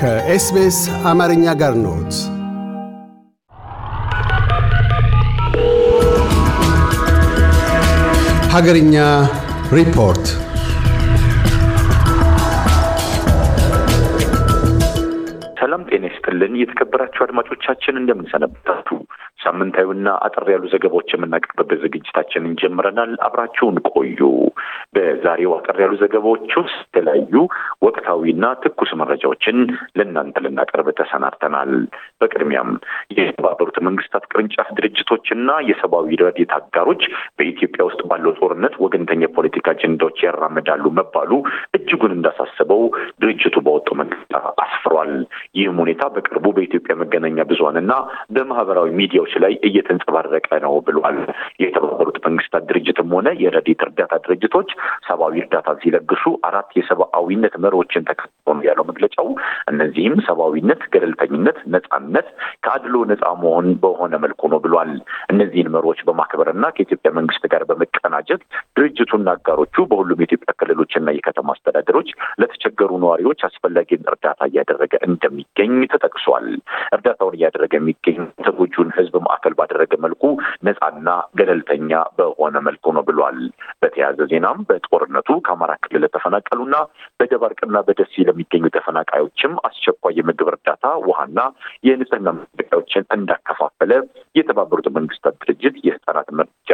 ከኤስቤስ አማርኛ ጋር ነት ሀገርኛ ሪፖርት ሰላም ጤና ይስጥልን። የተከበራችሁ አድማጮቻችን እንደምንሰነበታችሁ፣ ሳምንታዊና አጠር ያሉ ዘገባዎች የምናቀርብበት ዝግጅታችንን ጀምረናል። አብራችሁን ቆዩ። በዛሬው አጠር ያሉ ዘገባዎች ውስጥ የተለያዩ ወቅታዊና ትኩስ መረጃዎችን ለእናንተ ልናቀርብ ተሰናድተናል። በቅድሚያም የተባበሩት መንግስታት ቅርንጫፍ ድርጅቶችና የሰብአዊ ረድኤት አጋሮች በኢትዮጵያ ውስጥ ባለው ጦርነት ወገንተኛ የፖለቲካ አጀንዳዎች ያራምዳሉ መባሉ እጅጉን እንዳሳሰበው ድርጅቱ በወ ሁኔታ በቅርቡ በኢትዮጵያ መገናኛ ብዙሀን እና በማህበራዊ ሚዲያዎች ላይ እየተንጸባረቀ ነው ብሏል። የተባበሩት መንግስታት ድርጅትም ሆነ የረድኤት እርዳታ ድርጅቶች ሰብአዊ እርዳታ ሲለግሱ አራት የሰብአዊነት መሪዎችን ተከትሎ ነው ያለው መግለጫው። እነዚህም ሰብአዊነት፣ ገለልተኝነት፣ ነጻነት፣ ከአድሎ ነጻ መሆን በሆነ መልኩ ነው ብሏል። እነዚህን መርሆች በማክበርና ከኢትዮጵያ መንግስት ጋር በመቀናጀት ድርጅቱና አጋሮቹ በሁሉም የኢትዮጵያ ክልሎችና የከተማ አስተዳደሮች ለተቸገሩ ነዋሪዎች አስፈላጊን እርዳታ እያደረገ እንደሚገኝ ተጠቅሷል። እርዳታውን እያደረገ የሚገኝ ተጎጂውን ህዝብ ማዕከል ባደረገ መልኩ ነፃና ገለልተኛ በሆነ መልኩ ነው ብሏል። በተያያዘ ዜናም በጦርነቱ ከአማራ ክልል ለተፈናቀሉና በደባርቅና በደሴ ለሚገኙ ተፈናቃዮችም አስቸኳይ የምግብ እርዳታ ውሃና የንጽህና መጠቃዮችን እንዳከፋፈለ የተባበሩት መንግስታት ድርጅት የህፃናት መርጃ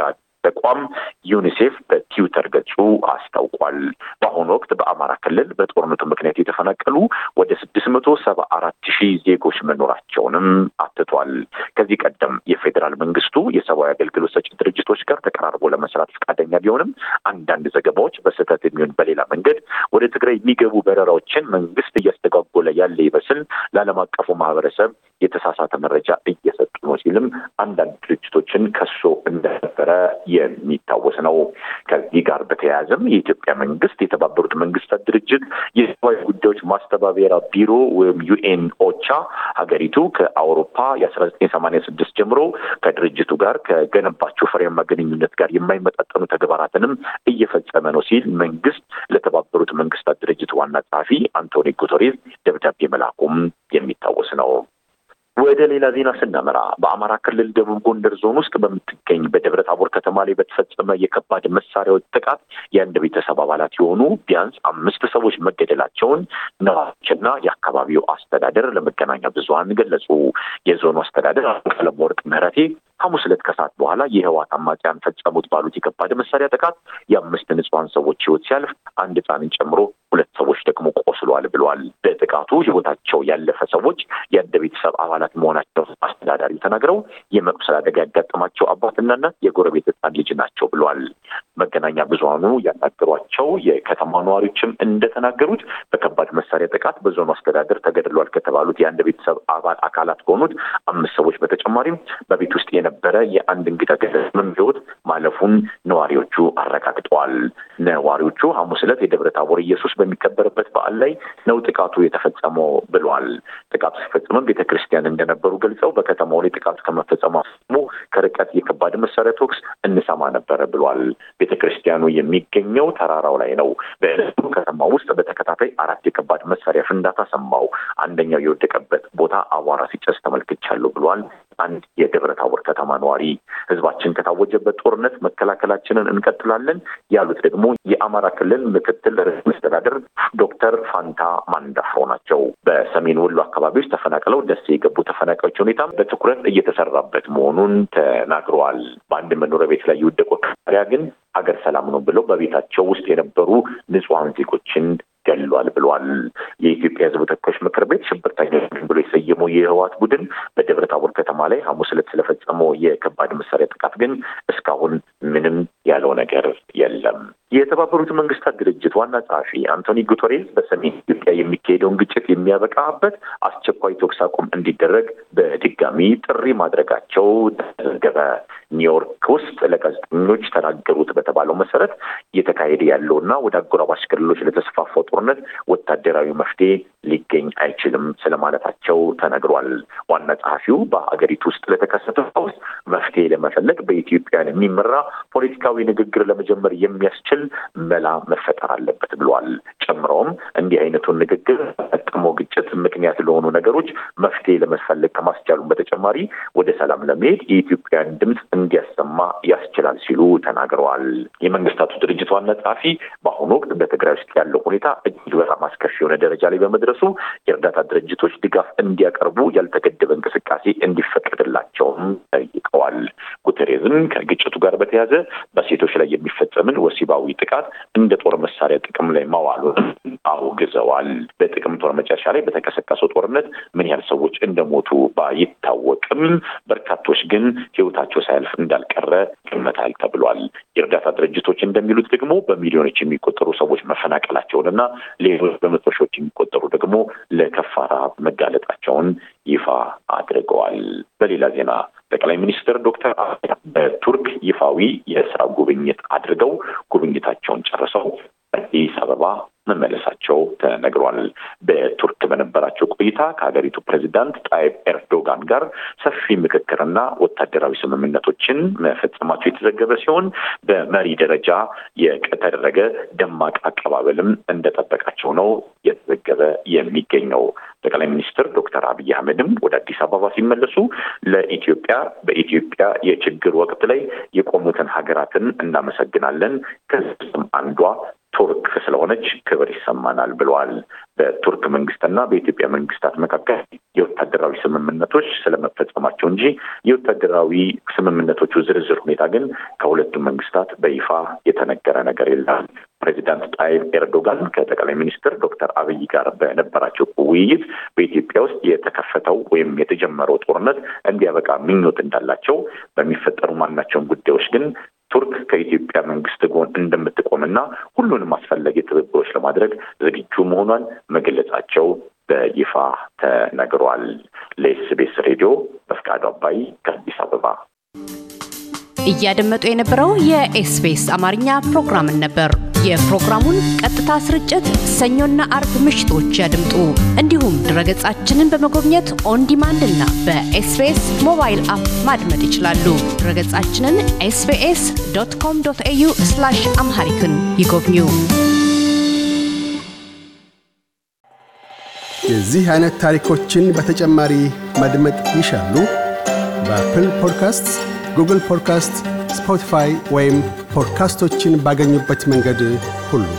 ተቋም ዩኒሴፍ በትዊተር ገጹ አስታውቋል። በአሁኑ ወቅት በአማራ ክልል በጦርነቱ ምክንያት የተፈናቀሉ ወደ ስድስት መቶ ሰባ አራት ሺህ ዜጎች መኖራቸውንም አትቷል። ከዚህ ቀደም የፌዴራል መንግስቱ የሰብአዊ አገልግሎት ሰጪ ድርጅቶች ጋር ተቀራርቦ ለመስራት ፈቃደኛ ቢሆንም አንዳንድ ዘገባዎች በስህተት የሚሆን በሌላ መንገድ ወደ ትግራይ የሚገቡ በረራዎችን መንግስት እያስተጓጎለ ያለ ይመስል ለዓለም አቀፉ ማህበረሰብ የተሳሳተ መረጃ ነው ሲልም አንዳንድ ድርጅቶችን ከሶ እንደነበረ የሚታወስ ነው። ከዚህ ጋር በተያያዘም የኢትዮጵያ መንግስት የተባበሩት መንግስታት ድርጅት የሰብአዊ ጉዳዮች ማስተባበሪያ ቢሮ ወይም ዩኤን ኦቻ ሀገሪቱ ከአውሮፓ የአስራ ዘጠኝ ሰማንያ ስድስት ጀምሮ ከድርጅቱ ጋር ከገነባቸው ፍሬያማ ግንኙነት ጋር የማይመጣጠኑ ተግባራትንም እየፈጸመ ነው ሲል መንግስት ለተባበሩት መንግስታት ድርጅት ዋና ጸሐፊ አንቶኒ ጉተሬዝ ደብዳቤ መላ ወደ ሌላ ዜና ስናመራ በአማራ ክልል ደቡብ ጎንደር ዞን ውስጥ በምትገኝ በደብረ ታቦር ከተማ ላይ በተፈጸመ የከባድ መሳሪያዎች ጥቃት የአንድ ቤተሰብ አባላት የሆኑ ቢያንስ አምስት ሰዎች መገደላቸውን ነዋሪዎችና የአካባቢው አስተዳደር ለመገናኛ ብዙኃን ገለጹ። የዞኑ አስተዳደር ቀለመወርቅ ምህረቴ ሐሙስ ዕለት ከሰዓት በኋላ የህወሓት አማጽያን ፈጸሙት ባሉት የከባድ መሳሪያ ጥቃት የአምስት ንጹሐን ሰዎች ህይወት ሲያልፍ አንድ ህፃንን ጨምሮ ሁለት ሰዎች ደግሞ ቆስሏል ብለዋል። በጥቃቱ ህይወታቸው ያለፈ ሰዎች የአንድ ቤተሰብ አባላት መሆናቸው አስተዳዳሪ ተናግረው የመቁሰል አደጋ ያጋጠማቸው አባትና እናት የጎረቤት ህፃን ልጅ ናቸው ብለዋል። መገናኛ ብዙሃኑ ያናገሯቸው ያላቸው የከተማ ነዋሪዎችም እንደተናገሩት በከባድ መሳሪያ ጥቃት በዞኑ አስተዳደር ተገድሏል ከተባሉት የአንድ ቤተሰብ አባል አካላት ከሆኑት አምስት ሰዎች በተጨማሪም በቤት ውስጥ የነበረ የአንድ እንግዳ ገለምም ሕይወት ማለፉን ነዋሪዎቹ አረጋግጠዋል። ነዋሪዎቹ ሐሙስ ዕለት የደብረ ታቦር ኢየሱስ በሚከበርበት በዓል ላይ ነው ጥቃቱ የተፈጸመው ብሏል። ጥቃቱ ሲፈጽምም ቤተ ክርስቲያን እንደነበሩ ገልጸው በከተማው ላይ ጥቃቱ ከመፈጸሙ ከርቀት የከባድ መሳሪያ ተኩስ እንሰማ ነበረ ብሏል። ቤተ ክርስቲያኑ የሚገኘው ተራራ በስራው ላይ ነው። በዕለቱ ከተማ ውስጥ በተከታታይ አራት የከባድ መሳሪያ ፍንዳታ ሰማው። አንደኛው የወደቀበት ቦታ አቧራ ሲጨስ ተመልክቻለሁ ብሏል አንድ የደብረ ታቦር ከተማ ነዋሪ። ህዝባችን ከታወጀበት ጦርነት መከላከላችንን እንቀጥላለን ያሉት ደግሞ የአማራ ክልል ምክትል ርዕሰ መስተዳድር ዶክተር ፋንታ ማን ናቸው። በሰሜን ወሎ አካባቢዎች ተፈናቅለው ደሴ የገቡ ተፈናቃዮች ሁኔታ በትኩረት እየተሰራበት መሆኑን ተናግረዋል። በአንድ መኖሪያ ቤት ላይ የወደቁ አካባቢያ ግን ሀገር ሰላም ነው ብለው በቤታቸው ውስጥ የነበሩ ንጹሐን ዜጎችን ገሏል ብሏል። የኢትዮጵያ ሕዝብ ተወካዮች ምክር ቤት ሽብርተኞች ብሎ የሰየመው የህወሓት ቡድን በደብረ ታቦር ከተማ ላይ ሐሙስ ዕለት ስለፈጸመው የከባድ መሳሪያ የተባበሩት መንግስታት ድርጅት ዋና ጸሐፊ አንቶኒ ጉቶሬዝ በሰሜን ኢትዮጵያ የሚካሄደውን ግጭት የሚያበቃበት አስቸኳይ ተኩስ አቁም እንዲደረግ በድጋሚ ጥሪ ማድረጋቸው ተዘገበ። ኒውዮርክ ውስጥ ለጋዜጠኞች ተናገሩት በተባለው መሰረት እየተካሄደ ያለውና ወደ አጎራባሽ ክልሎች ለተስፋፋው ጦርነት ወታደራዊ መፍትሄ ሊገኝ አይችልም ስለማለታቸው ተነግሯል። ዋና ጸሐፊው በሀገሪቱ ውስጥ ለተከሰተው መፍትሄ ለመፈለግ በኢትዮ ኢትዮጵያን የሚመራ ፖለቲካዊ ንግግር ለመጀመር የሚያስችል መላ መፈጠር አለበት ብሏል። ጨምሮም እንዲህ አይነቱን ንግግር ጥሞ ግጭት ምክንያት ለሆኑ ነገሮች መፍትሄ ለመፈለግ ከማስቻሉም በተጨማሪ ወደ ሰላም ለመሄድ የኢትዮጵያን ድምፅ እንዲያሰማ ያስችላል ሲሉ ተናግረዋል። የመንግስታቱ ድርጅት ዋና ጸሐፊ በአሁኑ ወቅት በትግራይ ውስጥ ያለው ሁኔታ እጅግ በጣም አስከፊ የሆነ ደረጃ ላይ በመድረሱ የእርዳታ ድርጅቶች ድጋፍ እንዲያቀርቡ ያልተገደበ እንቅስቃሴ እንዲፈቀድላል ግን ከግጭቱ ጋር በተያዘ በሴቶች ላይ የሚፈጸምን ወሲባዊ ጥቃት እንደ ጦር መሳሪያ ጥቅም ላይ ማዋሉን አውግዘዋል። በጥቅምት ወር መጨረሻ ላይ በተቀሰቀሰው ጦርነት ምን ያህል ሰዎች እንደሞቱ ባይታወቅም በርካቶች ግን ህይወታቸው ሳያልፍ እንዳልቀረ ይገመታል ተብሏል። የእርዳታ ድርጅቶች እንደሚሉት ደግሞ በሚሊዮኖች የሚቆጠሩ ሰዎች እና ሌሎች በመቶ ሺዎች የሚቆጠሩ ደግሞ ለከፋ ረሃብ መጋለጣቸውን ይፋ አድርገዋል። በሌላ ዜና ጠቅላይ ሚኒስትር ዶክተር አብይ በቱርክ ይፋዊ የስራ ጉብኝት አድርገው ጉብኝታቸውን ጨርሰው አዲስ አበባ መመለሳቸው ተነግሯል። በቱርክ በነበራቸው ቆይታ ከሀገሪቱ ፕሬዚዳንት ጣይብ ኤርዶጋን ጋር ሰፊ ምክክርና ወታደራዊ ስምምነቶችን መፈጸማቸው የተዘገበ ሲሆን በመሪ ደረጃ የተደረገ ደማቅ አቀባበልም እንደጠበቃቸው ነው የተዘገበ የሚገኘው። ጠቅላይ ሚኒስትር ዶክተር አብይ አህመድም ወደ አዲስ አበባ ሲመለሱ ለኢትዮጵያ በኢትዮጵያ የችግር ወቅት ላይ የቆሙትን ሀገራትን እናመሰግናለን ከዚህም አንዷ ቱርክ ስለሆነች ክብር ይሰማናል ብለዋል። በቱርክ መንግስትና በኢትዮጵያ መንግስታት መካከል የወታደራዊ ስምምነቶች ስለመፈጸማቸው እንጂ የወታደራዊ ስምምነቶቹ ዝርዝር ሁኔታ ግን ከሁለቱም መንግስታት በይፋ የተነገረ ነገር የለም። ፕሬዚዳንት ጣይብ ኤርዶጋን ከጠቅላይ ሚኒስትር ዶክተር አብይ ጋር በነበራቸው ውይይት በኢትዮጵያ ውስጥ የተከፈተው ወይም የተጀመረው ጦርነት እንዲያበቃ ምኞት እንዳላቸው በሚፈጠሩ ማናቸውም ጉዳዮች ግን ቱርክ ከኢትዮጵያ መንግስት ጎን እንደምትቆምና ሁሉንም አስፈላጊ ትብብሮች ለማድረግ ዝግጁ መሆኗን መግለጻቸው በይፋ ተነግሯል። ለኤስቤስ ሬዲዮ በፍቃዱ አባይ ከአዲስ አበባ። እያደመጡ የነበረው የኤስቢኤስ አማርኛ ፕሮግራምን ነበር። የፕሮግራሙን ቀጥታ ስርጭት ሰኞና አርብ ምሽቶች ያድምጡ። እንዲሁም ድረገጻችንን በመጎብኘት ኦን ዲማንድ እና በኤስቢኤስ ሞባይል አፕ ማድመጥ ይችላሉ። ድረገጻችንን ኤስቢኤስ ዶት ኮም ዶት ኤዩ አምሃሪክን ይጎብኙ። የዚህ አይነት ታሪኮችን በተጨማሪ ማድመጥ ይሻሉ? በአፕል ፖድካስት፣ ጉግል ፖድካስት፣ ስፖቲፋይ ወይም ፖድካስቶችን ባገኙበት መንገድ ሁሉ